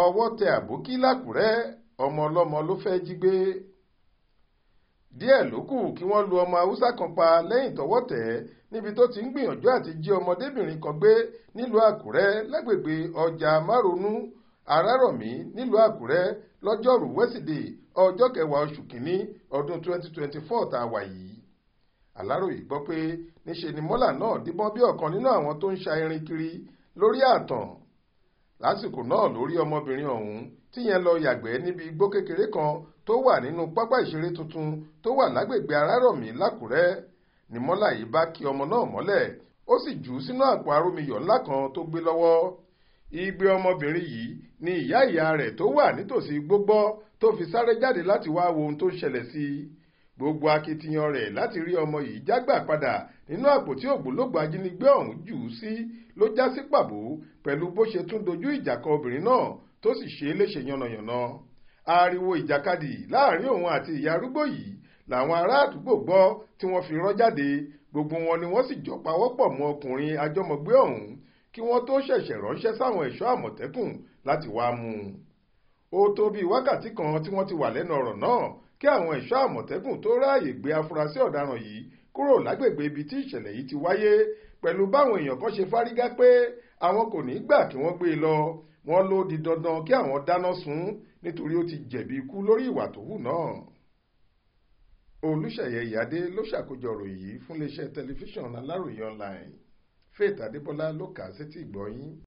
ọwọ́ tẹ àbókí lákùrẹ́ ọmọ ọlọ́mọ ló fẹ́ jí gbé díẹ̀ ló kù kí wọ́n lu ọmọ haúsá kan pa lẹ́yìn tọwọ́ tẹ̀ ẹ́ níbi tó ti ń gbìyànjú àti jí ọmọdébìnrin kan gbé nílùú àkúrẹ́ lágbègbè ọjà márùnú arárọ̀mí nílùú àkúrẹ́ lọ́jọ́rú wẹ́sídẹ̀ẹ́ ọjọ́ kẹwàá oṣù kínní ọdún 2024 tá a wà yìí aláròyé gbọ́ pé níṣe ni mọ́là náà díbọ́n bí ọ̀kan nínú àwọn tó ń ṣa irin kiri lórí ààtàn lásìkò náà ló rí ọmọbìnrin ọ̀hún tíyẹn lọ yàgbẹ́ níbi igbó kékeré kan tó wà nínú pápá ìṣeré tuntun tó wà lágbègbè arárọ̀mí lákùrẹ́ ni mọ́là yìí bá kí ọmọ náà mọ́lẹ̀ ó sì jù ú sínú àpò arómiyọ̀ ńlá kan tó gbé lọ́wọ́ igbe ọmọbìnrin yìí ni ìyá ìyá rẹ̀ tó wà nítòsí igbó gbọ́ tó fi sáré jáde láti wá wo ohun tó ń ṣẹlẹ̀ sí i gbogbo akitiyan rẹ̀ láti rí ọmọ yìí jágbà padà nínú àpò tí ògbólógbò ajínigbé ọ̀hún jù ú sí ló já sí pàbó pẹ̀lú bó ṣe tún dojú ìjà kọ obìnrin náà tó sì ṣe é léṣe yánnayànna ariwo ìjàkadì láàrin òun àti ìyá arúgbó yìí làwọn ará àdúgbò gbọ́ tí wọ́n fi rán jáde gbogbo wọn ni wọ́n sì jọ pawọ́pọ̀ mọ́ ọkùnrin ajọ́mọgbé ọ̀hún kí wọ́n tó ṣẹ̀ṣẹ̀ ránṣẹ́ sáwọn ẹ̀ṣọ́ àmọ̀tẹ́kùn láti wá mú un ó tó bíi wákàtí kan tí wọ́n ti wà lẹ́nu ọ̀rọ̀ náà kí àwọn ẹ̀ṣọ́ àmọ̀tẹ́kùn tó ráàyè gbé afurasí ọ̀daràn yìí kúrò lágbègbè ibi tí ìṣẹ̀lẹ̀ yìí ti wáyé pẹ̀lú báwọn èèyàn kan ṣe fárígá pé àwọn kò ní gbà kí wọ́n gbé e lọ wọ́n ló di dandan kí àwọn dáná sun nítorí ó ti jẹ̀bi ikú lórí ìwà tó hù náà. olùṣeyẹ ìyáde ló ṣàkójọ ròyìn yìí fún iléeṣẹ́ tẹlifíṣàn aláròye online faith adébọlá ló kà á sétí ìgbọ́